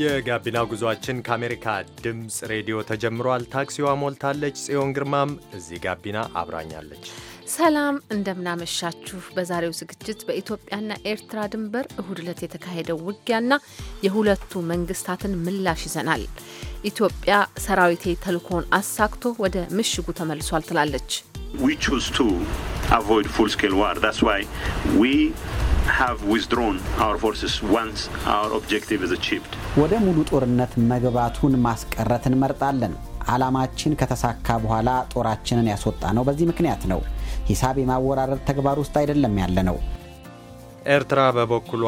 የጋቢና ጉዟችን ከአሜሪካ ድምፅ ሬዲዮ ተጀምሯል። ታክሲዋ ሞልታለች። ጽዮን ግርማም እዚህ ጋቢና አብራኛለች። ሰላም እንደምናመሻችሁ። በዛሬው ዝግጅት በኢትዮጵያና ኤርትራ ድንበር እሁድ ዕለት የተካሄደው ውጊያና የሁለቱ መንግስታትን ምላሽ ይዘናል። ኢትዮጵያ ሰራዊቴ ተልእኮውን አሳክቶ ወደ ምሽጉ ተመልሷል ትላለች። have withdrawn our forces once our objective is achieved ወደ ሙሉ ጦርነት መግባቱን ማስቀረት እንመርጣለን። ዓላማችን ከተሳካ በኋላ ጦራችንን ያስወጣ ነው በዚህ ምክንያት ነው። ሂሳብ የማወራረድ ተግባር ውስጥ አይደለም ያለ ነው። ኤርትራ በበኩሏ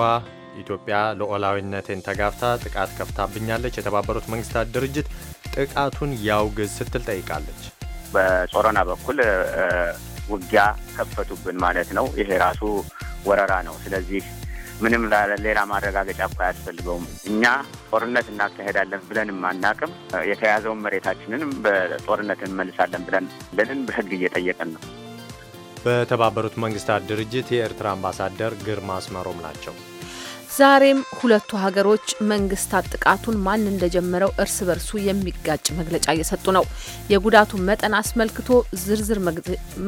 ኢትዮጵያ ሉዓላዊነቴን ተጋፍታ ጥቃት ከፍታብኛለች፣ የተባበሩት መንግስታት ድርጅት ጥቃቱን ያውግዝ ስትል ጠይቃለች። በጾረና በኩል ውጊያ ከፈቱብን ማለት ነው። ይሄ ራሱ ወረራ ነው። ስለዚህ ምንም ሌላ ማረጋገጫ እኮ አያስፈልገውም። እኛ ጦርነት እናካሄዳለን ብለንም አናቅም። የተያዘውን መሬታችንንም በጦርነት እንመልሳለን ብለን ለንን በህግ እየጠየቀን ነው። በተባበሩት መንግስታት ድርጅት የኤርትራ አምባሳደር ግርማ አስመሮም ናቸው። ዛሬም ሁለቱ ሀገሮች መንግስታት ጥቃቱን ማን እንደጀመረው እርስ በርሱ የሚጋጭ መግለጫ እየሰጡ ነው። የጉዳቱን መጠን አስመልክቶ ዝርዝር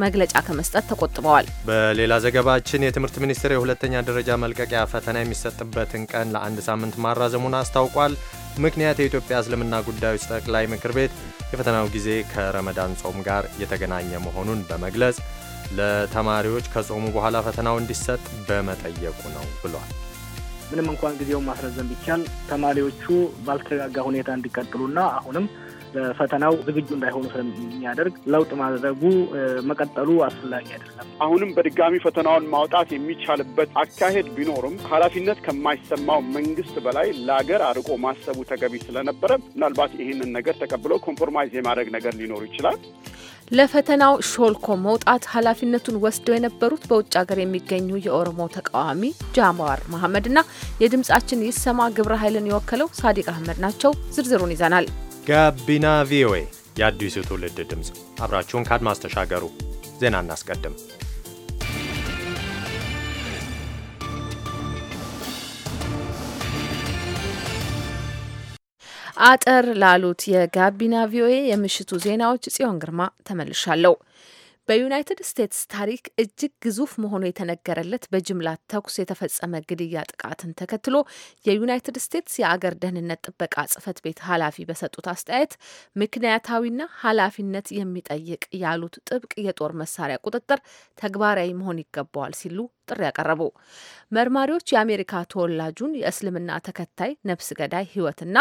መግለጫ ከመስጠት ተቆጥበዋል። በሌላ ዘገባችን የትምህርት ሚኒስቴር የሁለተኛ ደረጃ መልቀቂያ ፈተና የሚሰጥበትን ቀን ለአንድ ሳምንት ማራዘሙን አስታውቋል። ምክንያት የኢትዮጵያ እስልምና ጉዳዮች ጠቅላይ ምክር ቤት የፈተናው ጊዜ ከረመዳን ጾም ጋር የተገናኘ መሆኑን በመግለጽ ለተማሪዎች ከጾሙ በኋላ ፈተናው እንዲሰጥ በመጠየቁ ነው ብሏል። ምንም እንኳን ጊዜውን ማስረዘም ቢቻል ተማሪዎቹ ባልተረጋጋ ሁኔታ እንዲቀጥሉና አሁንም ፈተናው ዝግጁ እንዳይሆኑ ስለሚያደርግ ለውጥ ማድረጉ መቀጠሉ አስፈላጊ አይደለም። አሁንም በድጋሚ ፈተናውን ማውጣት የሚቻልበት አካሄድ ቢኖርም ኃላፊነት ከማይሰማው መንግስት በላይ ለአገር አርቆ ማሰቡ ተገቢ ስለነበረ ምናልባት ይህንን ነገር ተቀብለው ኮምፕሮማይዝ የማድረግ ነገር ሊኖር ይችላል። ለፈተናው ሾልኮ መውጣት ኃላፊነቱን ወስደው የነበሩት በውጭ ሀገር የሚገኙ የኦሮሞ ተቃዋሚ ጃማዋር መሐመድና የድምጻችን ይሰማ ግብረ ኃይልን የወከለው ሳዲቅ አህመድ ናቸው። ዝርዝሩን ይዘናል። ጋቢና ቪኦኤ የአዲሱ ትውልድ ድምፅ፣ አብራችሁን ከአድማስ ተሻገሩ። ዜና እናስቀድም። አጠር ላሉት የጋቢና ቪኦኤ የምሽቱ ዜናዎች ጽዮን ግርማ ተመልሻለሁ። በዩናይትድ ስቴትስ ታሪክ እጅግ ግዙፍ መሆኑ የተነገረለት በጅምላ ተኩስ የተፈጸመ ግድያ ጥቃትን ተከትሎ የዩናይትድ ስቴትስ የአገር ደህንነት ጥበቃ ጽህፈት ቤት ኃላፊ በሰጡት አስተያየት ምክንያታዊና ኃላፊነት የሚጠይቅ ያሉት ጥብቅ የጦር መሳሪያ ቁጥጥር ተግባራዊ መሆን ይገባዋል ሲሉ ጥሪ ያቀረቡ መርማሪዎች የአሜሪካ ተወላጁን የእስልምና ተከታይ ነፍስ ገዳይ ሕይወትና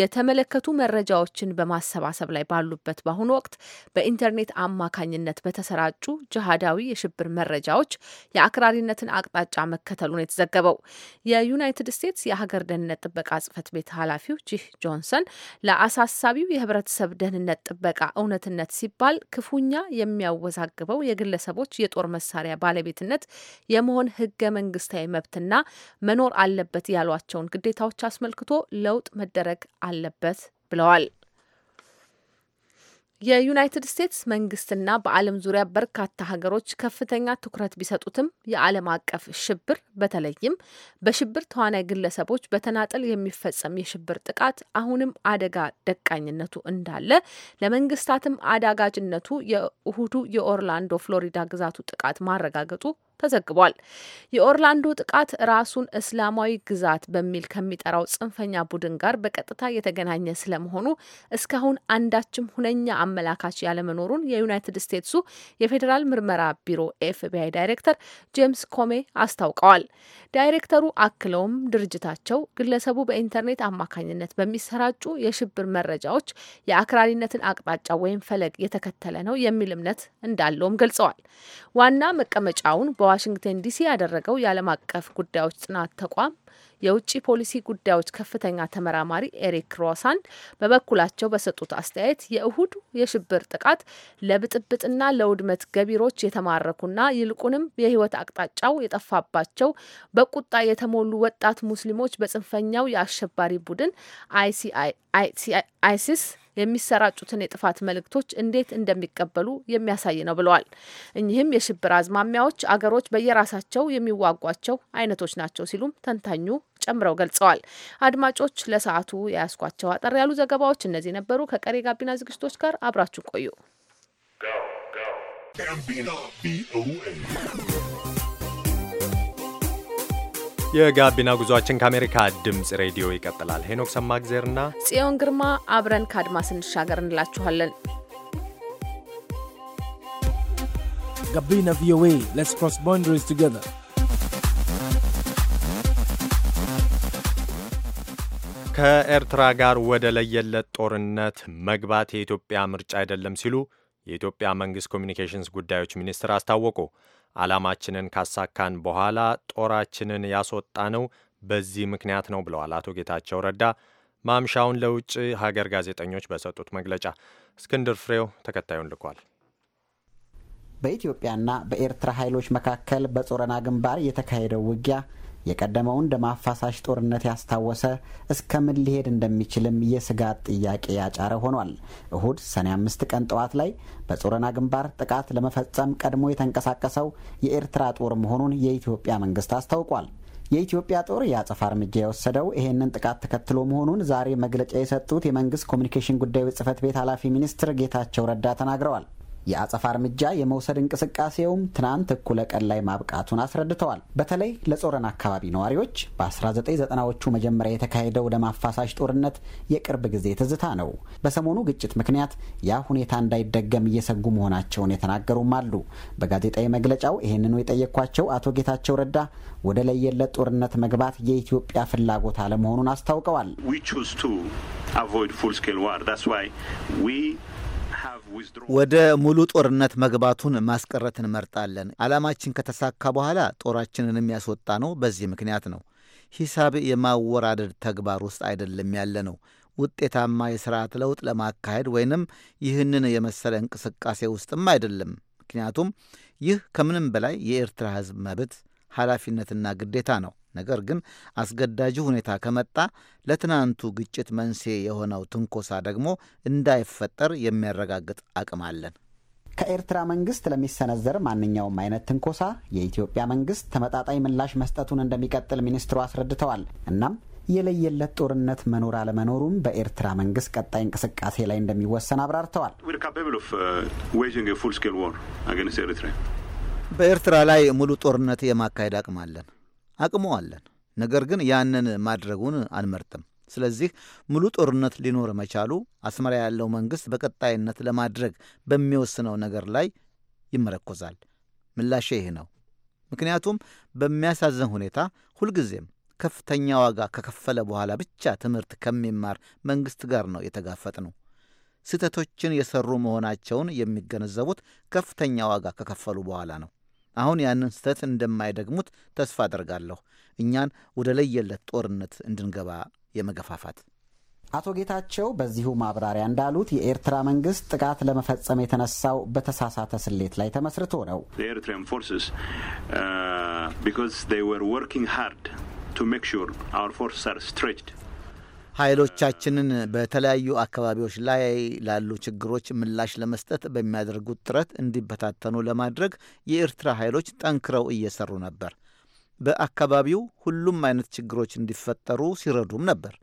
የተመለከቱ መረጃዎችን በማሰባሰብ ላይ ባሉበት በአሁኑ ወቅት በኢንተርኔት አማካኝነት በተሰራጩ ጅሃዳዊ የሽብር መረጃዎች የአክራሪነትን አቅጣጫ መከተሉን የተዘገበው የዩናይትድ ስቴትስ የሀገር ደህንነት ጥበቃ ጽህፈት ቤት ኃላፊው ጂህ ጆንሰን ለአሳሳቢው የህብረተሰብ ደህንነት ጥበቃ እውነትነት ሲባል ክፉኛ የሚያወዛግበው የግለሰቦች የጦር መሳሪያ ባለቤትነት በመሆን ህገ መንግስታዊ መብትና መኖር አለበት ያሏቸውን ግዴታዎች አስመልክቶ ለውጥ መደረግ አለበት ብለዋል። የዩናይትድ ስቴትስ መንግስትና በዓለም ዙሪያ በርካታ ሀገሮች ከፍተኛ ትኩረት ቢሰጡትም የዓለም አቀፍ ሽብር በተለይም በሽብር ተዋናይ ግለሰቦች በተናጠል የሚፈጸም የሽብር ጥቃት አሁንም አደጋ ደቃኝነቱ እንዳለ ለመንግስታትም አዳጋጅነቱ የእሁዱ የኦርላንዶ ፍሎሪዳ ግዛቱ ጥቃት ማረጋገጡ ተዘግቧል። የኦርላንዶ ጥቃት ራሱን እስላማዊ ግዛት በሚል ከሚጠራው ጽንፈኛ ቡድን ጋር በቀጥታ የተገናኘ ስለመሆኑ እስካሁን አንዳችም ሁነኛ አመላካች ያለመኖሩን የዩናይትድ ስቴትሱ የፌዴራል ምርመራ ቢሮ ኤፍቢአይ ዳይሬክተር ጄምስ ኮሜ አስታውቀዋል። ዳይሬክተሩ አክለውም ድርጅታቸው ግለሰቡ በኢንተርኔት አማካኝነት በሚሰራጩ የሽብር መረጃዎች የአክራሪነትን አቅጣጫ ወይም ፈለግ የተከተለ ነው የሚል እምነት እንዳለውም ገልጸዋል። ዋና መቀመጫውን በ በዋሽንግተን ዲሲ ያደረገው የዓለም አቀፍ ጉዳዮች ጥናት ተቋም የውጭ ፖሊሲ ጉዳዮች ከፍተኛ ተመራማሪ ኤሪክ ሮሳን በበኩላቸው በሰጡት አስተያየት የእሁዱ የሽብር ጥቃት ለብጥብጥና ለውድመት ገቢሮች የተማረኩና ይልቁንም የህይወት አቅጣጫው የጠፋባቸው በቁጣ የተሞሉ ወጣት ሙስሊሞች በጽንፈኛው የአሸባሪ ቡድን አይሲስ የሚሰራጩትን የጥፋት መልእክቶች እንዴት እንደሚቀበሉ የሚያሳይ ነው ብለዋል። እኚህም የሽብር አዝማሚያዎች አገሮች በየራሳቸው የሚዋጓቸው አይነቶች ናቸው ሲሉም ተንታኙ ጨምረው ገልጸዋል። አድማጮች ለሰዓቱ የያዝኳቸው አጠር ያሉ ዘገባዎች እነዚህ ነበሩ። ከቀሪ ጋቢና ዝግጅቶች ጋር አብራችሁ ቆዩ። የጋቢና ጉዟችን ከአሜሪካ ድምፅ ሬዲዮ ይቀጥላል። ሄኖክ ሰማግዜርና ጽዮን ግርማ አብረን ከአድማስ እንሻገር እንላችኋለን። ጋቢና ቪኦኤ ሌትስ ክሮስ ቦንደሪስ ቱጌዘር ከኤርትራ ጋር ወደ ለየለት ጦርነት መግባት የኢትዮጵያ ምርጫ አይደለም ሲሉ የኢትዮጵያ መንግሥት ኮሚኒኬሽንስ ጉዳዮች ሚኒስትር አስታወቁ። ዓላማችንን ካሳካን በኋላ ጦራችንን ያስወጣነው በዚህ ምክንያት ነው ብለዋል አቶ ጌታቸው ረዳ ማምሻውን ለውጭ ሀገር ጋዜጠኞች በሰጡት መግለጫ። እስክንድር ፍሬው ተከታዩን ልኳል። በኢትዮጵያና በኤርትራ ኃይሎች መካከል በጾረና ግንባር የተካሄደው ውጊያ የቀደመውን ደም አፋሳሽ ጦርነት ያስታወሰ እስከ ምን ሊሄድ እንደሚችልም የስጋት ጥያቄ ያጫረ ሆኗል። እሁድ ሰኔ አምስት ቀን ጠዋት ላይ በጾረና ግንባር ጥቃት ለመፈጸም ቀድሞ የተንቀሳቀሰው የኤርትራ ጦር መሆኑን የኢትዮጵያ መንግስት አስታውቋል። የኢትዮጵያ ጦር የአጸፋ እርምጃ የወሰደው ይህንን ጥቃት ተከትሎ መሆኑን ዛሬ መግለጫ የሰጡት የመንግስት ኮሚኒኬሽን ጉዳዮች ጽህፈት ቤት ኃላፊ ሚኒስትር ጌታቸው ረዳ ተናግረዋል። የአጸፋ እርምጃ የመውሰድ እንቅስቃሴውም ትናንት እኩለ ቀን ላይ ማብቃቱን አስረድተዋል። በተለይ ለጾረን አካባቢ ነዋሪዎች በ1990ዎቹ መጀመሪያ የተካሄደው ደም አፋሳሽ ጦርነት የቅርብ ጊዜ ትዝታ ነው። በሰሞኑ ግጭት ምክንያት ያ ሁኔታ እንዳይደገም እየሰጉ መሆናቸውን የተናገሩም አሉ። በጋዜጣዊ መግለጫው ይህንኑ የጠየኳቸው አቶ ጌታቸው ረዳ ወደ ለየለት ጦርነት መግባት የኢትዮጵያ ፍላጎት አለመሆኑን አስታውቀዋል። ወደ ሙሉ ጦርነት መግባቱን ማስቀረት እንመርጣለን። ዓላማችን ከተሳካ በኋላ ጦራችንን የሚያስወጣ ነው። በዚህ ምክንያት ነው ሂሳብ የማወራደድ ተግባር ውስጥ አይደለም ያለ ነው። ውጤታማ የሥርዓት ለውጥ ለማካሄድ ወይንም ይህንን የመሰለ እንቅስቃሴ ውስጥም አይደለም። ምክንያቱም ይህ ከምንም በላይ የኤርትራ ሕዝብ መብት ኃላፊነትና ግዴታ ነው። ነገር ግን አስገዳጅ ሁኔታ ከመጣ ለትናንቱ ግጭት መንስኤ የሆነው ትንኮሳ ደግሞ እንዳይፈጠር የሚያረጋግጥ አቅም አለን። ከኤርትራ መንግስት ለሚሰነዘር ማንኛውም አይነት ትንኮሳ የኢትዮጵያ መንግስት ተመጣጣኝ ምላሽ መስጠቱን እንደሚቀጥል ሚኒስትሩ አስረድተዋል። እናም የለየለት ጦርነት መኖር አለመኖሩም በኤርትራ መንግስት ቀጣይ እንቅስቃሴ ላይ እንደሚወሰን አብራርተዋል። uh, በኤርትራ ላይ ሙሉ ጦርነት የማካሄድ አቅም አለን። አቅመዋለን። ነገር ግን ያንን ማድረጉን አንመርጥም። ስለዚህ ሙሉ ጦርነት ሊኖር መቻሉ አስመራ ያለው መንግሥት በቀጣይነት ለማድረግ በሚወስነው ነገር ላይ ይመረኮዛል። ምላሼ ይህ ነው። ምክንያቱም በሚያሳዝን ሁኔታ ሁልጊዜም ከፍተኛ ዋጋ ከከፈለ በኋላ ብቻ ትምህርት ከሚማር መንግሥት ጋር ነው የተጋፈጥ ነው። ስህተቶችን የሠሩ መሆናቸውን የሚገነዘቡት ከፍተኛ ዋጋ ከከፈሉ በኋላ ነው። አሁን ያንን ስህተት እንደማይደግሙት ተስፋ አደርጋለሁ። እኛን ወደ ለየለት ጦርነት እንድንገባ የመገፋፋት አቶ ጌታቸው በዚሁ ማብራሪያ እንዳሉት የኤርትራ መንግስት ጥቃት ለመፈጸም የተነሳው በተሳሳተ ስሌት ላይ ተመስርቶ ነው። ኤርትራን ፎርስስ ወር ኃይሎቻችንን በተለያዩ አካባቢዎች ላይ ላሉ ችግሮች ምላሽ ለመስጠት በሚያደርጉት ጥረት እንዲበታተኑ ለማድረግ የኤርትራ ኃይሎች ጠንክረው እየሰሩ ነበር። በአካባቢው ሁሉም አይነት ችግሮች እንዲፈጠሩ ሲረዱም ነበር።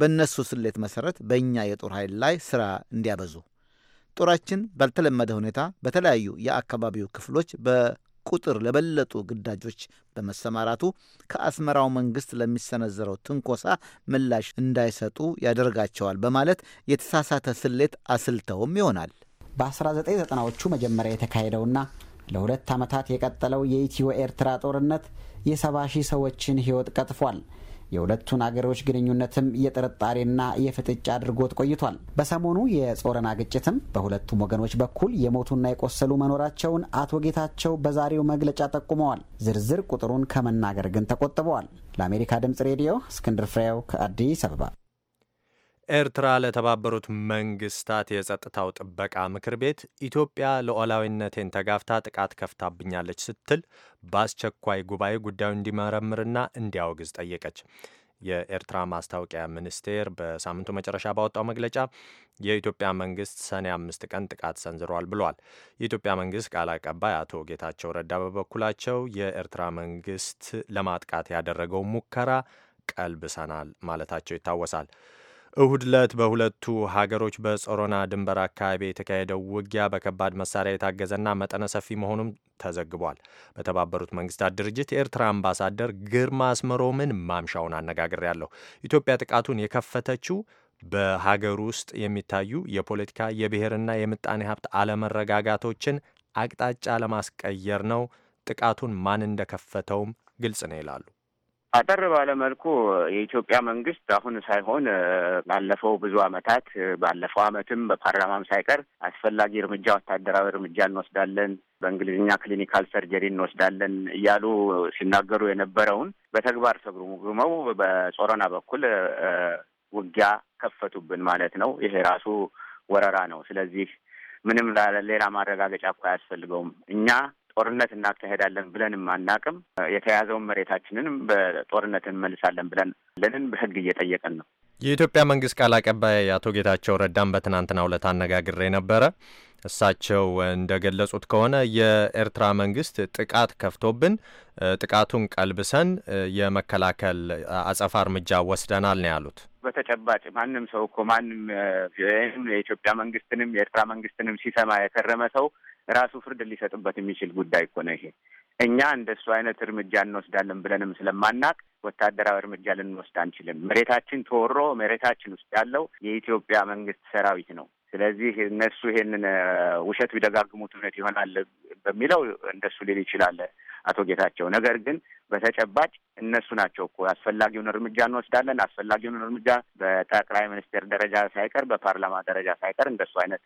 በእነሱ ስሌት መሠረት በእኛ የጦር ኃይል ላይ ሥራ እንዲያበዙ ጦራችን ባልተለመደ ሁኔታ በተለያዩ የአካባቢው ክፍሎች በ ቁጥር ለበለጡ ግዳጆች በመሰማራቱ ከአስመራው መንግስት ለሚሰነዘረው ትንኮሳ ምላሽ እንዳይሰጡ ያደርጋቸዋል በማለት የተሳሳተ ስሌት አስልተውም ይሆናል። በ1990ዎቹ መጀመሪያ የተካሄደውና ለሁለት ዓመታት የቀጠለው የኢትዮ ኤርትራ ጦርነት የሰባ ሺህ ሰዎችን ሕይወት ቀጥፏል። የሁለቱን አገሮች ግንኙነትም የጥርጣሬና የፍጥጫ አድርጎት ቆይቷል። በሰሞኑ የጾረና ግጭትም በሁለቱም ወገኖች በኩል የሞቱና የቆሰሉ መኖራቸውን አቶ ጌታቸው በዛሬው መግለጫ ጠቁመዋል። ዝርዝር ቁጥሩን ከመናገር ግን ተቆጥበዋል። ለአሜሪካ ድምጽ ሬዲዮ እስክንድር ፍሬው ከአዲስ አበባ ኤርትራ ለተባበሩት መንግስታት የጸጥታው ጥበቃ ምክር ቤት ኢትዮጵያ ሉዓላዊነቴን ተጋፍታ ጥቃት ከፍታብኛለች ስትል በአስቸኳይ ጉባኤ ጉዳዩ እንዲመረምርና እንዲያወግዝ ጠየቀች። የኤርትራ ማስታወቂያ ሚኒስቴር በሳምንቱ መጨረሻ ባወጣው መግለጫ የኢትዮጵያ መንግስት ሰኔ አምስት ቀን ጥቃት ሰንዝሯል ብሏል። የኢትዮጵያ መንግስት ቃል አቀባይ አቶ ጌታቸው ረዳ በበኩላቸው የኤርትራ መንግስት ለማጥቃት ያደረገው ሙከራ ቀልብሰናል ማለታቸው ይታወሳል። እሁድ ዕለት በሁለቱ ሀገሮች በጾሮና ድንበር አካባቢ የተካሄደው ውጊያ በከባድ መሳሪያ የታገዘና መጠነ ሰፊ መሆኑም ተዘግቧል። በተባበሩት መንግስታት ድርጅት የኤርትራ አምባሳደር ግርማ አስመሮምን ማምሻውን አነጋግሬያለሁ። ኢትዮጵያ ጥቃቱን የከፈተችው በሀገር ውስጥ የሚታዩ የፖለቲካ የብሔርና የምጣኔ ሀብት አለመረጋጋቶችን አቅጣጫ ለማስቀየር ነው። ጥቃቱን ማን እንደከፈተውም ግልጽ ነው ይላሉ። አጠር ባለ መልኩ የኢትዮጵያ መንግስት አሁን ሳይሆን ባለፈው ብዙ አመታት ባለፈው አመትም በፓርላማም ሳይቀር አስፈላጊ እርምጃ ወታደራዊ እርምጃ እንወስዳለን፣ በእንግሊዝኛ ክሊኒካል ሰርጀሪ እንወስዳለን እያሉ ሲናገሩ የነበረውን በተግባር ተግመው በጾረና በኩል ውጊያ ከፈቱብን ማለት ነው። ይሄ ራሱ ወረራ ነው። ስለዚህ ምንም ሌላ ማረጋገጫ እኮ አያስፈልገውም እኛ ጦርነት እናካሄዳለን ብለንም አናቅም። የተያዘውን መሬታችንንም በጦርነት እንመልሳለን ብለን ለንን በህግ እየጠየቀን ነው። የኢትዮጵያ መንግስት ቃል አቀባይ አቶ ጌታቸው ረዳን በትናንትና ዕለት አነጋግሬ ነበረ። እሳቸው እንደገለጹት ከሆነ የኤርትራ መንግስት ጥቃት ከፍቶብን ጥቃቱን ቀልብሰን የመከላከል አጸፋ እርምጃ ወስደናል ነው ያሉት። በተጨባጭ ማንም ሰው እኮ ማንም የኢትዮጵያ መንግስትንም የኤርትራ መንግስትንም ሲሰማ የከረመ ሰው ራሱ ፍርድ ሊሰጥበት የሚችል ጉዳይ እኮ ነው ይሄ። እኛ እንደሱ አይነት እርምጃ እንወስዳለን ብለንም ስለማናቅ ወታደራዊ እርምጃ ልንወስድ አንችልም። መሬታችን ተወሮ መሬታችን ውስጥ ያለው የኢትዮጵያ መንግስት ሰራዊት ነው። ስለዚህ እነሱ ይሄንን ውሸት ቢደጋግሙት እውነት ይሆናል በሚለው እንደሱ ሊል ይችላል። አቶ ጌታቸው። ነገር ግን በተጨባጭ እነሱ ናቸው እኮ አስፈላጊውን እርምጃ እንወስዳለን። አስፈላጊውን እርምጃ በጠቅላይ ሚኒስቴር ደረጃ ሳይቀር፣ በፓርላማ ደረጃ ሳይቀር እንደሱ አይነት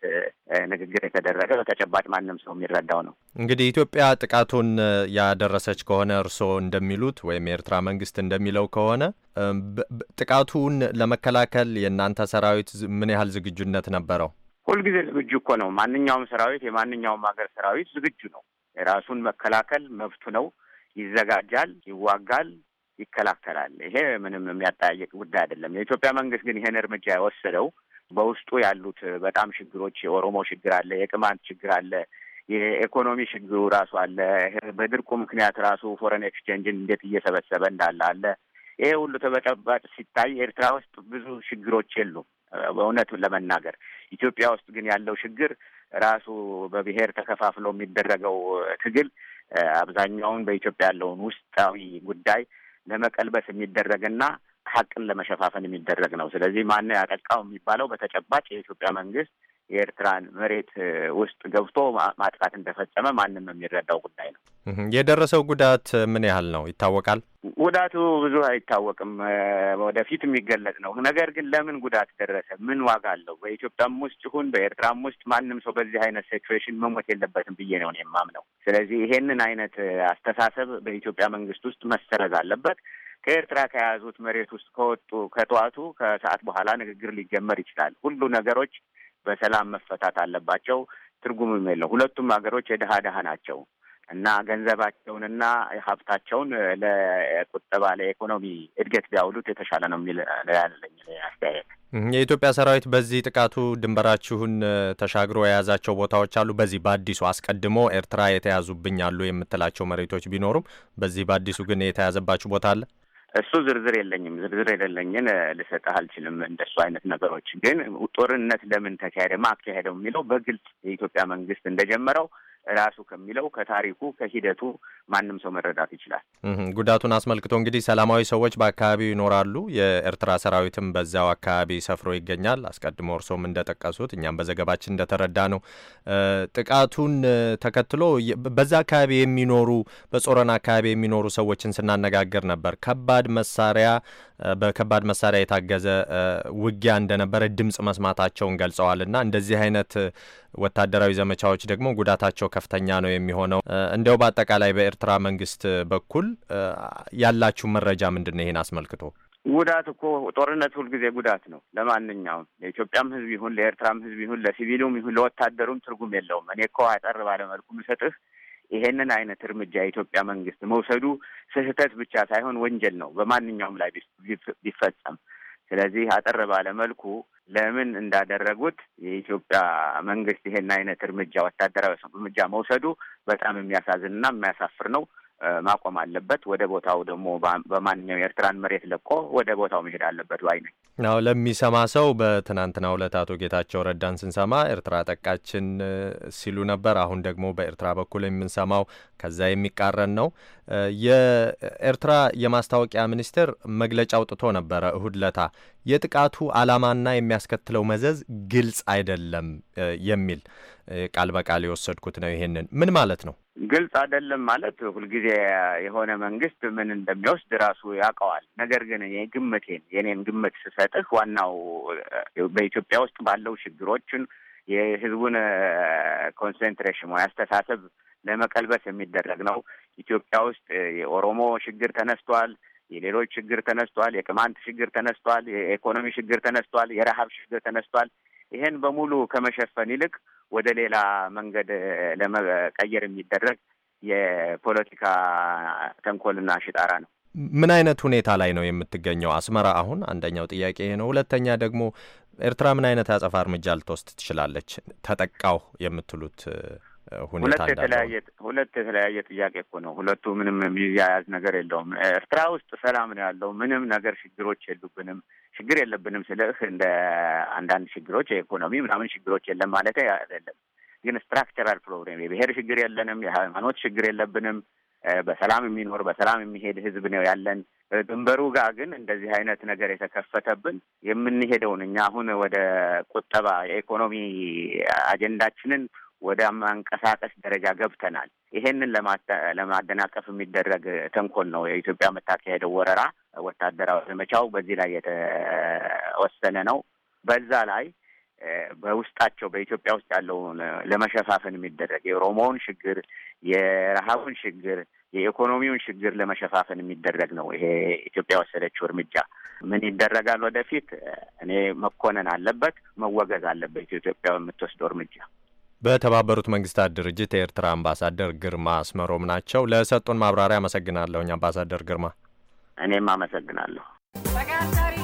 ንግግር የተደረገ በተጨባጭ ማንም ሰው የሚረዳው ነው። እንግዲህ ኢትዮጵያ ጥቃቱን ያደረሰች ከሆነ እርስዎ እንደሚሉት ወይም የኤርትራ መንግስት እንደሚለው ከሆነ ጥቃቱን ለመከላከል የእናንተ ሰራዊት ምን ያህል ዝግጁነት ነበረው? ሁልጊዜ ዝግጁ እኮ ነው። ማንኛውም ሰራዊት የማንኛውም ሀገር ሰራዊት ዝግጁ ነው። ራሱን መከላከል መብቱ ነው። ይዘጋጃል፣ ይዋጋል፣ ይከላከላል። ይሄ ምንም የሚያጠያየቅ ጉዳይ አይደለም። የኢትዮጵያ መንግስት ግን ይሄን እርምጃ የወሰደው በውስጡ ያሉት በጣም ችግሮች የኦሮሞ ችግር አለ፣ የቅማንት ችግር አለ፣ የኢኮኖሚ ችግሩ ራሱ አለ። በድርቁ ምክንያት ራሱ ፎረን ኤክስቼንጅን እንዴት እየሰበሰበ እንዳለ አለ። ይሄ ሁሉ ተበጨባጭ ሲታይ ኤርትራ ውስጥ ብዙ ችግሮች የሉም። በእውነቱን ለመናገር ኢትዮጵያ ውስጥ ግን ያለው ችግር ራሱ በብሔር ተከፋፍሎ የሚደረገው ትግል አብዛኛውን በኢትዮጵያ ያለውን ውስጣዊ ጉዳይ ለመቀልበስ የሚደረግና ሀቅን ለመሸፋፈን የሚደረግ ነው። ስለዚህ ማን ያጠቃው የሚባለው በተጨባጭ የኢትዮጵያ መንግስት የኤርትራን መሬት ውስጥ ገብቶ ማጥቃት እንደፈጸመ ማንም የሚረዳው ጉዳይ ነው። የደረሰው ጉዳት ምን ያህል ነው ይታወቃል? ጉዳቱ ብዙ አይታወቅም፣ ወደፊት የሚገለጽ ነው። ነገር ግን ለምን ጉዳት ደረሰ? ምን ዋጋ አለው? በኢትዮጵያም ውስጥ ይሁን በኤርትራም ውስጥ ማንም ሰው በዚህ አይነት ሲትዌሽን መሞት የለበትም ብዬ ነው የማምነው። ስለዚህ ይሄንን አይነት አስተሳሰብ በኢትዮጵያ መንግስት ውስጥ መሰረዝ አለበት። ከኤርትራ ከያዙት መሬት ውስጥ ከወጡ ከጠዋቱ ከሰዓት በኋላ ንግግር ሊጀመር ይችላል። ሁሉ ነገሮች በሰላም መፈታት አለባቸው። ትርጉምም የለው። ሁለቱም ሀገሮች የድሀ ድሀ ናቸው እና ገንዘባቸውንና ሀብታቸውን ለቁጠባ ለኢኮኖሚ እድገት ቢያውሉት የተሻለ ነው የሚል ያለኝ አስተያየት። የኢትዮጵያ ሰራዊት በዚህ ጥቃቱ ድንበራችሁን ተሻግሮ የያዛቸው ቦታዎች አሉ። በዚህ በአዲሱ አስቀድሞ ኤርትራ የተያዙብኝ አሉ የምትላቸው መሬቶች ቢኖሩም በዚህ በአዲሱ ግን የተያዘባችሁ ቦታ አለ? እሱ ዝርዝር የለኝም። ዝርዝር የሌለኝን ልሰጥህ አልችልም። እንደሱ አይነት ነገሮች ግን ጦርነት ለምን ተካሄደ፣ ማካሄደው የሚለው በግልጽ የኢትዮጵያ መንግስት እንደጀመረው ራሱ ከሚለው ከታሪኩ ከሂደቱ ማንም ሰው መረዳት ይችላል። ጉዳቱን አስመልክቶ እንግዲህ ሰላማዊ ሰዎች በአካባቢው ይኖራሉ። የኤርትራ ሰራዊትም በዚያው አካባቢ ሰፍሮ ይገኛል። አስቀድሞ እርሶም እንደጠቀሱት እኛም በዘገባችን እንደተረዳ ነው ጥቃቱን ተከትሎ በዛ አካባቢ የሚኖሩ በጾረና አካባቢ የሚኖሩ ሰዎችን ስናነጋገር ነበር። ከባድ መሳሪያ በከባድ መሳሪያ የታገዘ ውጊያ እንደነበረ ድምፅ መስማታቸውን ገልጸዋል። እና እንደዚህ አይነት ወታደራዊ ዘመቻዎች ደግሞ ጉዳታቸው ከፍተኛ ነው የሚሆነው። እንደው በአጠቃላይ በኤርትራ መንግስት በኩል ያላችሁ መረጃ ምንድን ነው? ይህን አስመልክቶ ጉዳት እኮ ጦርነት ሁልጊዜ ጉዳት ነው ለማንኛውም፣ ለኢትዮጵያም ህዝብ ይሁን ለኤርትራም ህዝብ ይሁን ለሲቪሉም ይሁን ለወታደሩም ትርጉም የለውም። እኔ እኮ አጠር ባለመልኩ ምሰጥህ ይሄንን አይነት እርምጃ የኢትዮጵያ መንግስት መውሰዱ ስህተት ብቻ ሳይሆን ወንጀል ነው በማንኛውም ላይ ቢፈጸም። ስለዚህ አጠር ባለ መልኩ ለምን እንዳደረጉት የኢትዮጵያ መንግስት ይሄን አይነት እርምጃ ወታደራዊ እርምጃ መውሰዱ በጣም የሚያሳዝንና የሚያሳፍር ነው። ማቆም አለበት። ወደ ቦታው ደግሞ በማንኛው የኤርትራን መሬት ለቆ ወደ ቦታው መሄድ አለበት ባይ ነኝ። አዎ ለሚሰማ ሰው በትናንትና ሁለት አቶ ጌታቸው ረዳን ስንሰማ ኤርትራ ጠቃችን ሲሉ ነበር። አሁን ደግሞ በኤርትራ በኩል የምንሰማው ከዛ የሚቃረን ነው። የኤርትራ የማስታወቂያ ሚኒስቴር መግለጫ አውጥቶ ነበረ እሁድ ለታ የጥቃቱ ዓላማና የሚያስከትለው መዘዝ ግልጽ አይደለም የሚል ቃል በቃል የወሰድኩት ነው። ይሄንን ምን ማለት ነው? ግልጽ አይደለም ማለት ሁልጊዜ የሆነ መንግስት ምን እንደሚወስድ ራሱ ያውቀዋል። ነገር ግን እኔ ግምቴን የኔን ግምት ስሰጥህ ዋናው በኢትዮጵያ ውስጥ ባለው ችግሮችን የህዝቡን ኮንሴንትሬሽን ወይ አስተሳሰብ ለመቀልበስ የሚደረግ ነው። ኢትዮጵያ ውስጥ የኦሮሞ ችግር ተነስቷል። የሌሎች ችግር ተነስቷል። የቅማንት ችግር ተነስቷል። የኢኮኖሚ ችግር ተነስቷል። የረሀብ ችግር ተነስቷል። ይሄን በሙሉ ከመሸፈን ይልቅ ወደ ሌላ መንገድ ለመቀየር የሚደረግ የፖለቲካ ተንኮልና ሽጣራ ነው። ምን አይነት ሁኔታ ላይ ነው የምትገኘው አስመራ አሁን? አንደኛው ጥያቄ ነው። ሁለተኛ ደግሞ ኤርትራ ምን አይነት አጸፋ እርምጃ ልትወስድ ትችላለች? ተጠቃው የምትሉት ሁኔታ ሁለት የተለያየ ጥያቄ እኮ ነው። ሁለቱ ምንም የሚያያዝ ነገር የለውም። ኤርትራ ውስጥ ሰላም ነው ያለው። ምንም ነገር ችግሮች የሉብንም። ችግር የለብንም ስልህ እንደ አንዳንድ ችግሮች የኢኮኖሚ ምናምን ችግሮች የለም ማለት አይደለም። ግን ስትራክቸራል ፕሮብሌም የብሔር ችግር የለንም። የሃይማኖት ችግር የለብንም። በሰላም የሚኖር በሰላም የሚሄድ ህዝብ ነው ያለን። ድንበሩ ጋር ግን እንደዚህ አይነት ነገር የተከፈተብን የምንሄደውን እኛ አሁን ወደ ቁጠባ የኢኮኖሚ አጀንዳችንን ወደ ማንቀሳቀስ ደረጃ ገብተናል። ይሄንን ለማደናቀፍ የሚደረግ ተንኮል ነው። የኢትዮጵያ የምታካሄደው ወረራ ወታደራዊ ዘመቻው በዚህ ላይ የተወሰነ ነው። በዛ ላይ በውስጣቸው በኢትዮጵያ ውስጥ ያለውን ለመሸፋፈን የሚደረግ የኦሮሞውን ችግር፣ የረሃቡን ችግር፣ የኢኮኖሚውን ችግር ለመሸፋፈን የሚደረግ ነው። ይሄ ኢትዮጵያ የወሰደችው እርምጃ ምን ይደረጋል ወደፊት? እኔ መኮነን አለበት፣ መወገዝ አለበት ኢትዮጵያ የምትወስደው እርምጃ በተባበሩት መንግስታት ድርጅት የኤርትራ አምባሳደር ግርማ አስመሮም ናቸው። ለሰጡን ማብራሪያ አመሰግናለሁኝ አምባሳደር ግርማ። እኔም አመሰግናለሁ።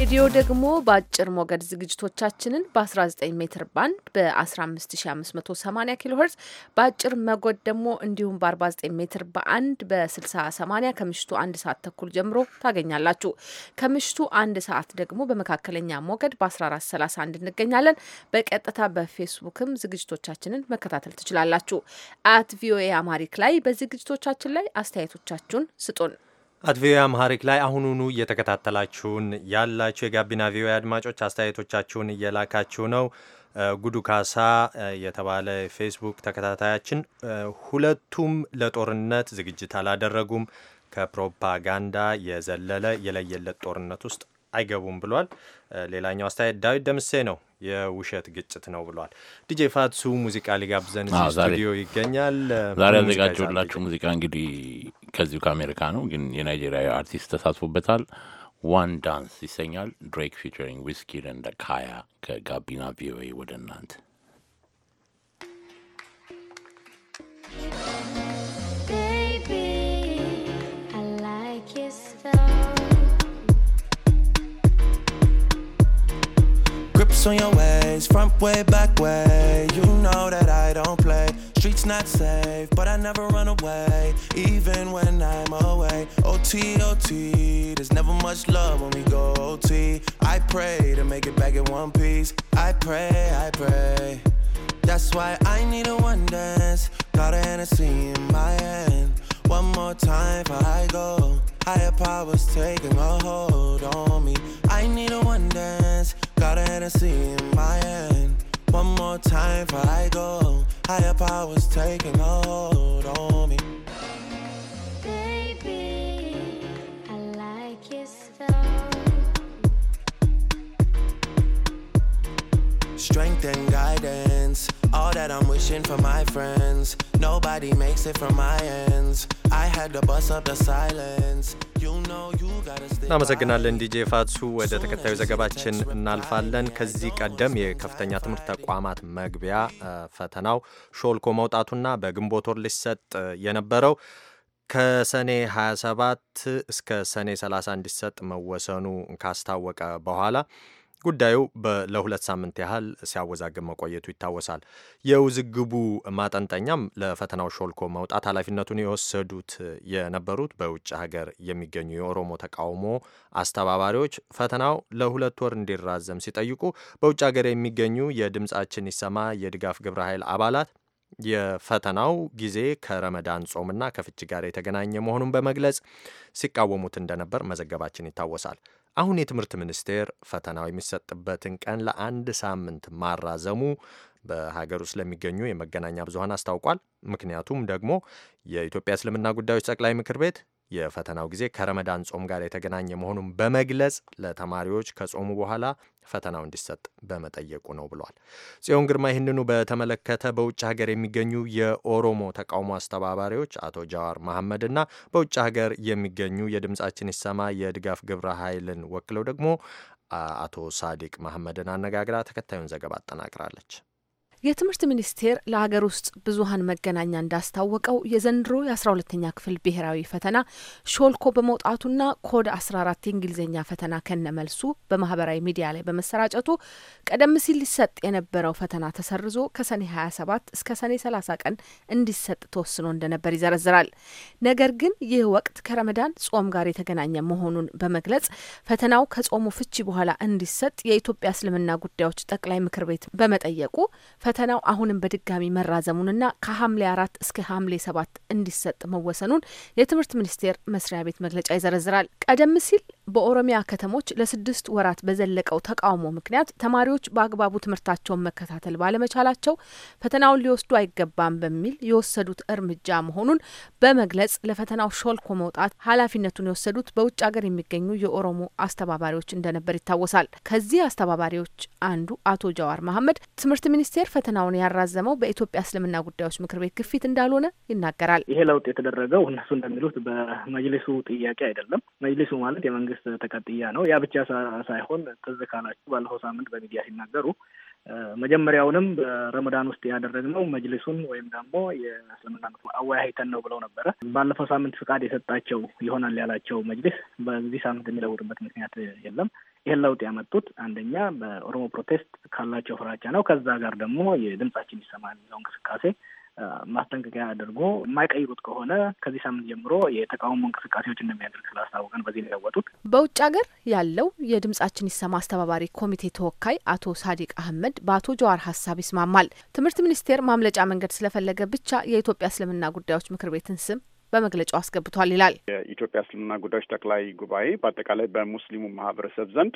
ሬዲዮ ደግሞ በአጭር ሞገድ ዝግጅቶቻችንን በ19 ሜትር ባንድ በ15580 ኪሎ ሄርዝ በአጭር ሞገድ ደግሞ እንዲሁም በ49 ሜትር በአንድ በ6080 ከምሽቱ አንድ ሰዓት ተኩል ጀምሮ ታገኛላችሁ። ከምሽቱ አንድ ሰዓት ደግሞ በመካከለኛ ሞገድ በ1431 እንገኛለን። በቀጥታ በፌስቡክም ዝግጅቶቻችንን መከታተል ትችላላችሁ። አት ቪኦኤ አማሪክ ላይ በዝግጅቶቻችን ላይ አስተያየቶቻችሁን ስጡን። አት ቪኦኤ አምሃሪክ ላይ አሁኑኑ እየተከታተላችሁን ያላችሁ የጋቢና ቪኦኤ አድማጮች አስተያየቶቻችሁን እየላካችሁ ነው። ጉዱ ካሳ የተባለ ፌስቡክ ተከታታያችን ሁለቱም ለጦርነት ዝግጅት አላደረጉም፣ ከፕሮፓጋንዳ የዘለለ የለየለት ጦርነት ውስጥ አይገቡም ብሏል። ሌላኛው አስተያየት ዳዊት ደምሴ ነው። የውሸት ግጭት ነው ብሏል። ዲጄ ፋትሱ ሙዚቃ ሊጋብዘን ስቱዲዮ ይገኛል። ዛሬ ያዘጋጀሁላችሁ ሙዚቃ እንግዲህ ከዚሁ ከአሜሪካ ነው፣ ግን የናይጄሪያዊ አርቲስት ተሳትፎበታል። ዋን ዳንስ ይሰኛል። ድሬክ ፊቸሪንግ ዊስኪ እንደ ካያ ከጋቢና ቪኦኤ ወደ እናንተ Hips on your ways, front way, back way. You know that I don't play. Streets not safe, but I never run away. Even when I'm away. OT, OT. There's never much love when we go OT. I pray to make it back in one piece. I pray, I pray. That's why I need a one dance. Got a Hennessy in my hand. One more time before I go. Higher powers taking a hold on me. I need a one dance. Got a Hennessy in my hand. One more time for I go. Higher powers taking hold on me. Baby, I like your style. Strength and guidance All that I'm wishing for my friends. Nobody makes it from my ends. I had to bust up the silence. እናመሰግናለን ዲጄ ፋትሱ። ወደ ተከታዩ ዘገባችን እናልፋለን። ከዚህ ቀደም የከፍተኛ ትምህርት ተቋማት መግቢያ ፈተናው ሾልኮ መውጣቱና በግንቦት ወር ሊሰጥ የነበረው ከሰኔ 27 እስከ ሰኔ 30 እንዲሰጥ መወሰኑ ካስታወቀ በኋላ ጉዳዩ ለሁለት ሳምንት ያህል ሲያወዛግብ መቆየቱ ይታወሳል። የውዝግቡ ማጠንጠኛም ለፈተናው ሾልኮ መውጣት ኃላፊነቱን የወሰዱት የነበሩት በውጭ ሀገር የሚገኙ የኦሮሞ ተቃውሞ አስተባባሪዎች ፈተናው ለሁለት ወር እንዲራዘም ሲጠይቁ በውጭ ሀገር የሚገኙ የድምጻችን ይሰማ የድጋፍ ግብረ ኃይል አባላት የፈተናው ጊዜ ከረመዳን ጾምና ከፍች ጋር የተገናኘ መሆኑን በመግለጽ ሲቃወሙት እንደነበር መዘገባችን ይታወሳል። አሁን የትምህርት ሚኒስቴር ፈተናው የሚሰጥበትን ቀን ለአንድ ሳምንት ማራዘሙ በሀገር ውስጥ ለሚገኙ የመገናኛ ብዙኃን አስታውቋል። ምክንያቱም ደግሞ የኢትዮጵያ እስልምና ጉዳዮች ጠቅላይ ምክር ቤት የፈተናው ጊዜ ከረመዳን ጾም ጋር የተገናኘ መሆኑን በመግለጽ ለተማሪዎች ከጾሙ በኋላ ፈተናው እንዲሰጥ በመጠየቁ ነው ብሏል። ጽዮን ግርማ ይህንኑ በተመለከተ በውጭ ሀገር የሚገኙ የኦሮሞ ተቃውሞ አስተባባሪዎች አቶ ጃዋር መሐመድና በውጭ ሀገር የሚገኙ የድምጻችን ይሰማ የድጋፍ ግብረ ኃይልን ወክለው ደግሞ አቶ ሳዲቅ መሐመድን አነጋግራ ተከታዩን ዘገባ አጠናቅራለች። የትምህርት ሚኒስቴር ለሀገር ውስጥ ብዙሀን መገናኛ እንዳስታወቀው የዘንድሮ የአስራ ሁለተኛ ክፍል ብሔራዊ ፈተና ሾልኮ በመውጣቱና ኮድ አስራ አራት የእንግሊዝኛ ፈተና ከነመልሱ በማህበራዊ ሚዲያ ላይ በመሰራጨቱ ቀደም ሲል ሊሰጥ የነበረው ፈተና ተሰርዞ ከሰኔ ሀያ ሰባት እስከ ሰኔ ሰላሳ ቀን እንዲሰጥ ተወስኖ እንደነበር ይዘረዝራል። ነገር ግን ይህ ወቅት ከረመዳን ጾም ጋር የተገናኘ መሆኑን በመግለጽ ፈተናው ከጾሙ ፍቺ በኋላ እንዲሰጥ የኢትዮጵያ እስልምና ጉዳዮች ጠቅላይ ምክር ቤት በመጠየቁ ፈተናው አሁንም በድጋሚ መራዘሙንና ከሐምሌ አራት እስከ ሐምሌ ሰባት እንዲሰጥ መወሰኑን የትምህርት ሚኒስቴር መስሪያ ቤት መግለጫ ይዘረዝራል። ቀደም ሲል በኦሮሚያ ከተሞች ለስድስት ወራት በዘለቀው ተቃውሞ ምክንያት ተማሪዎች በአግባቡ ትምህርታቸውን መከታተል ባለመቻላቸው ፈተናውን ሊወስዱ አይገባም በሚል የወሰዱት እርምጃ መሆኑን በመግለጽ ለፈተናው ሾልኮ መውጣት ኃላፊነቱን የወሰዱት በውጭ ሀገር የሚገኙ የኦሮሞ አስተባባሪዎች እንደነበር ይታወሳል። ከዚህ አስተባባሪዎች አንዱ አቶ ጃዋር መሐመድ ትምህርት ሚኒስቴር ፈተናውን ያራዘመው በኢትዮጵያ እስልምና ጉዳዮች ምክር ቤት ግፊት እንዳልሆነ ይናገራል። ይሄ ለውጥ የተደረገው እነሱ እንደሚሉት በመጅሊሱ ጥያቄ አይደለም። መጅሊሱ ማለት የመንግስት መንግስት ተቀጥያ ነው። ያ ብቻ ሳይሆን ትዝ ካላችሁ ባለፈው ሳምንት በሚዲያ ሲናገሩ መጀመሪያውንም በረመዳን ውስጥ ያደረግነው መጅልሱን ወይም ደግሞ የእስልምና አወያይተን ነው ብለው ነበረ። ባለፈው ሳምንት ፍቃድ የሰጣቸው ይሆናል ያላቸው መጅልስ በዚህ ሳምንት የሚለውጥበት ምክንያት የለም። ይህን ለውጥ ያመጡት አንደኛ በኦሮሞ ፕሮቴስት ካላቸው ፍራቻ ነው። ከዛ ጋር ደግሞ የድምጻችን ይሰማል የሚለው እንቅስቃሴ ማስጠንቀቂያ አድርጎ የማይቀይሩት ከሆነ ከዚህ ሳምንት ጀምሮ የተቃውሞ እንቅስቃሴዎች እንደሚያደርግ ስላስታወቀን በዚህ ነው ያወጡት። በውጭ ሀገር ያለው የድምጻችን ይሰማ አስተባባሪ ኮሚቴ ተወካይ አቶ ሳዲቅ አህመድ በአቶ ጀዋር ሀሳብ ይስማማል። ትምህርት ሚኒስቴር ማምለጫ መንገድ ስለፈለገ ብቻ የኢትዮጵያ እስልምና ጉዳዮች ምክር ቤትን ስም በመግለጫው አስገብቷል ይላል። የኢትዮጵያ እስልምና ጉዳዮች ጠቅላይ ጉባኤ በአጠቃላይ በሙስሊሙ ማህበረሰብ ዘንድ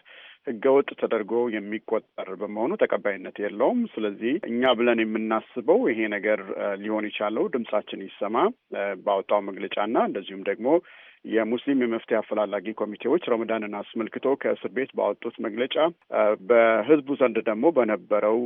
ህገወጥ ተደርጎ የሚቆጠር በመሆኑ ተቀባይነት የለውም። ስለዚህ እኛ ብለን የምናስበው ይሄ ነገር ሊሆን የቻለው ድምጻችን ይሰማ ባወጣው መግለጫና እንደዚሁም ደግሞ የሙስሊም የመፍትሄ አፈላላጊ ኮሚቴዎች ረመዳንን አስመልክቶ ከእስር ቤት ባወጡት መግለጫ በህዝቡ ዘንድ ደግሞ በነበረው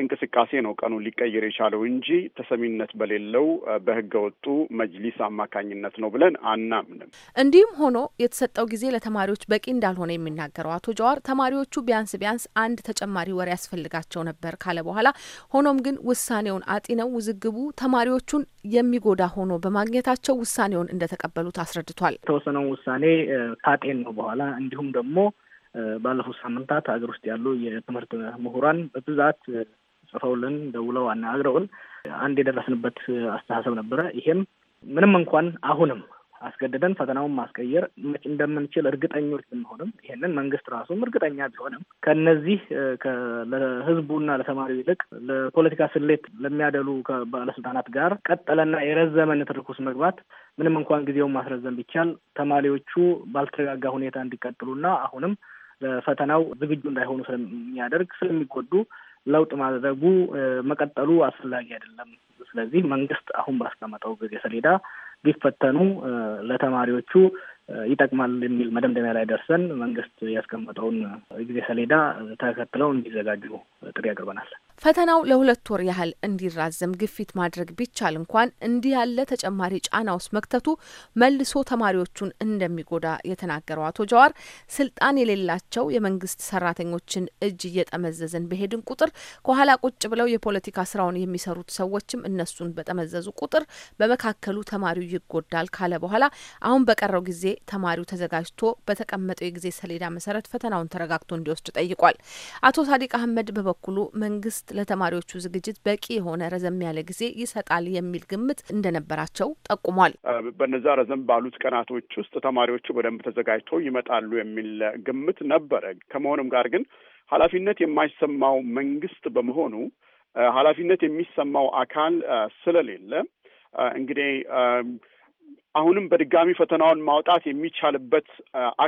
እንቅስቃሴ ነው ቀኑን ሊቀይር የቻለው እንጂ ተሰሚነት በሌለው በህገ ወጡ መጅሊስ አማካኝነት ነው ብለን አናምንም። እንዲህም ሆኖ የተሰጠው ጊዜ ለተማሪዎች በቂ እንዳልሆነ የሚናገረው አቶ ጀዋር ተማሪዎቹ ቢያንስ ቢያንስ አንድ ተጨማሪ ወር ያስፈልጋቸው ነበር ካለ በኋላ ሆኖም ግን ውሳኔውን አጢነው ውዝግቡ ተማሪዎቹን የሚጎዳ ሆኖ በማግኘታቸው ውሳኔውን እንደተቀበሉት አስረድቷል። የተወሰነውን ውሳኔ ካጤን ነው በኋላ እንዲሁም ደግሞ ባለፉት ሳምንታት ሀገር ውስጥ ያሉ የትምህርት ምሁራን በብዛት ጽፈውልን ደውለው አነጋግረውን አንድ የደረስንበት አስተሳሰብ ነበረ። ይሄም ምንም እንኳን አሁንም አስገድደን ፈተናውን ማስቀየር እንደምንችል እርግጠኞች ብንሆንም ይሄንን መንግስት ራሱም እርግጠኛ ቢሆንም ከነዚህ ለህዝቡና ለተማሪው ይልቅ ለፖለቲካ ስሌት ለሚያደሉ ከባለስልጣናት ጋር ቀጠለና የረዘመን ትርኩስ መግባት ምንም እንኳን ጊዜውን ማስረዘም ቢቻል ተማሪዎቹ ባልተረጋጋ ሁኔታ እንዲቀጥሉና አሁንም ለፈተናው ዝግጁ እንዳይሆኑ ስለሚያደርግ ስለሚጎዱ ለውጥ ማድረጉ መቀጠሉ አስፈላጊ አይደለም። ስለዚህ መንግስት አሁን ባስቀመጠው ጊዜ ሰሌዳ ቢፈተኑ ለተማሪዎቹ ይጠቅማል የሚል መደምደሚያ ላይ ደርሰን መንግስት ያስቀመጠውን ጊዜ ሰሌዳ ተከትለው እንዲዘጋጁ ጥሪ አቅርበናል። ፈተናው ለሁለት ወር ያህል እንዲራዘም ግፊት ማድረግ ቢቻል እንኳን እንዲህ ያለ ተጨማሪ ጫና ውስጥ መክተቱ መልሶ ተማሪዎቹን እንደሚጎዳ የተናገረው አቶ ጀዋር ስልጣን የሌላቸው የመንግስት ሰራተኞችን እጅ እየጠመዘዝን በሄድን ቁጥር ከኋላ ቁጭ ብለው የፖለቲካ ስራውን የሚሰሩት ሰዎችም እነሱን በጠመዘዙ ቁጥር በመካከሉ ተማሪው ይጎዳል ካለ በኋላ አሁን በቀረው ጊዜ ተማሪው ተዘጋጅቶ በተቀመጠው የጊዜ ሰሌዳ መሰረት ፈተናውን ተረጋግቶ እንዲወስድ ጠይቋል። አቶ ሳዲቅ አህመድ በበኩሉ መንግስት መንግስት ለተማሪዎቹ ዝግጅት በቂ የሆነ ረዘም ያለ ጊዜ ይሰጣል የሚል ግምት እንደነበራቸው ጠቁሟል። በነዛ ረዘም ባሉት ቀናቶች ውስጥ ተማሪዎቹ በደንብ ተዘጋጅተው ይመጣሉ የሚል ግምት ነበረ። ከመሆኑም ጋር ግን ኃላፊነት የማይሰማው መንግስት በመሆኑ ኃላፊነት የሚሰማው አካል ስለሌለ እንግዲህ አሁንም በድጋሚ ፈተናውን ማውጣት የሚቻልበት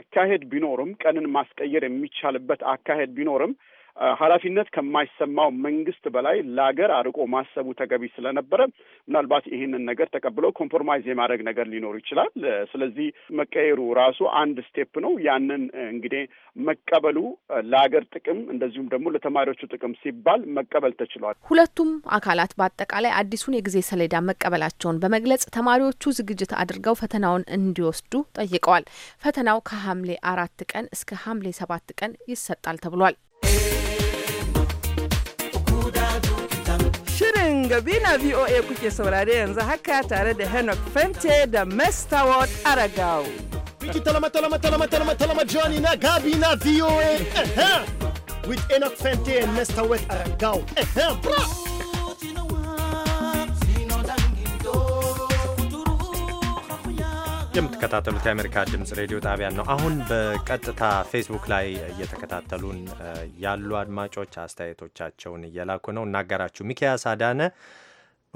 አካሄድ ቢኖርም ቀንን ማስቀየር የሚቻልበት አካሄድ ቢኖርም ኃላፊነት ከማይሰማው መንግስት በላይ ለሀገር አርቆ ማሰቡ ተገቢ ስለነበረ ምናልባት ይህንን ነገር ተቀብለው ኮምፕሮማይዝ የማድረግ ነገር ሊኖር ይችላል። ስለዚህ መቀየሩ ራሱ አንድ ስቴፕ ነው። ያንን እንግዲህ መቀበሉ ለሀገር ጥቅም እንደዚሁም ደግሞ ለተማሪዎቹ ጥቅም ሲባል መቀበል ተችሏል። ሁለቱም አካላት በአጠቃላይ አዲሱን የጊዜ ሰሌዳ መቀበላቸውን በመግለጽ ተማሪዎቹ ዝግጅት አድርገው ፈተናውን እንዲወስዱ ጠይቀዋል። ፈተናው ከሐምሌ አራት ቀን እስከ ሐምሌ ሰባት ቀን ይሰጣል ተብሏል። Gabina VOA kuke saurare yanzu haka tare da henok Fente da Mr. Ward Aragao. Wiki talama talama talama talama talama Johnny na Gabina VOA. With henok Fente and Mr. Ward Aragao. Bra! የምትከታተሉት የአሜሪካ ድምፅ ሬዲዮ ጣቢያን ነው። አሁን በቀጥታ ፌስቡክ ላይ እየተከታተሉን ያሉ አድማጮች አስተያየቶቻቸውን እየላኩ ነው። እናገራችሁ ሚኪያስ አዳነ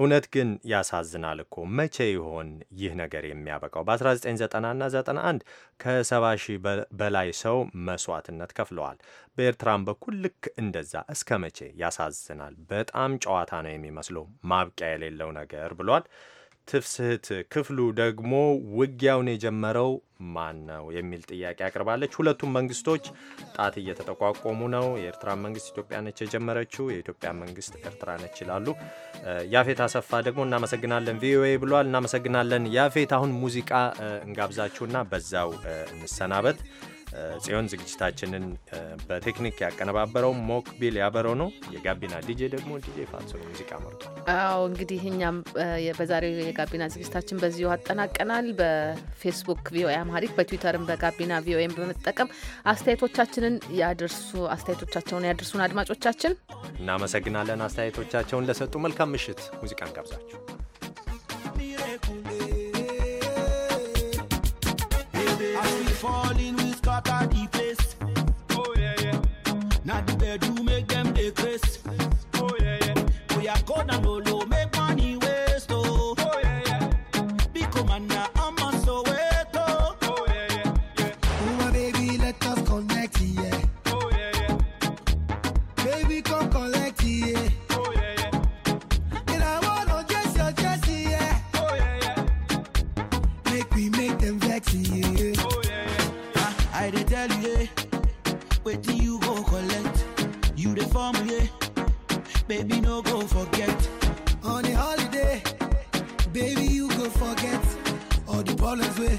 እውነት ግን ያሳዝናል እኮ መቼ ይሆን ይህ ነገር የሚያበቃው? በ 1990 91 ከ 7 ሺህ በላይ ሰው መስዋዕትነት ከፍለዋል። በኤርትራም በኩል ልክ እንደዛ እስከ መቼ ያሳዝናል። በጣም ጨዋታ ነው የሚመስለው ማብቂያ የሌለው ነገር ብሏል። ትፍስህት ክፍሉ ደግሞ ውጊያውን የጀመረው ማን ነው የሚል ጥያቄ አቅርባለች። ሁለቱም መንግስቶች ጣት እየተጠቋቆሙ ነው። የኤርትራ መንግስት ኢትዮጵያ ነች የጀመረችው፣ የኢትዮጵያ መንግስት ኤርትራ ነች ይላሉ። ያፌት አሰፋ ደግሞ እናመሰግናለን ቪኦኤ ብሏል። እናመሰግናለን ያፌት። አሁን ሙዚቃ እንጋብዛችሁና በዛው እንሰናበት። ጽዮን ዝግጅታችንን በቴክኒክ ያቀነባበረው ሞክቢል ያበረው ነው። የጋቢና ዲጄ ደግሞ ዲጄ ፋሶ ሙዚቃ መርጦ። አዎ እንግዲህ እኛም በዛሬው የጋቢና ዝግጅታችን በዚሁ አጠናቀናል። በፌስቡክ ቪኦኤ አማሪክ፣ በትዊተርም በጋቢና ቪኦኤም በመጠቀም አስተያየቶቻችንን ያድርሱ አስተያየቶቻቸውን ያድርሱን አድማጮቻችን። እናመሰግናለን አስተያየቶቻቸውን ለሰጡ። መልካም ምሽት። ሙዚቃን ጋብዛችሁ falling water deep baby, you could forget all the problems we,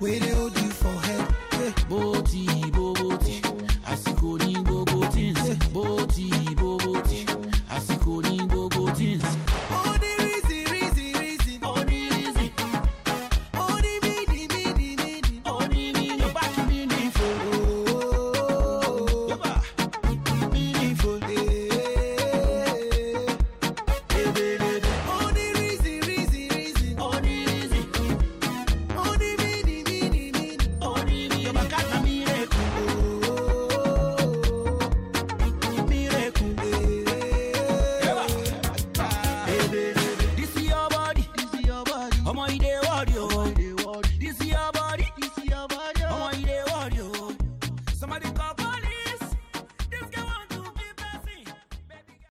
we they hold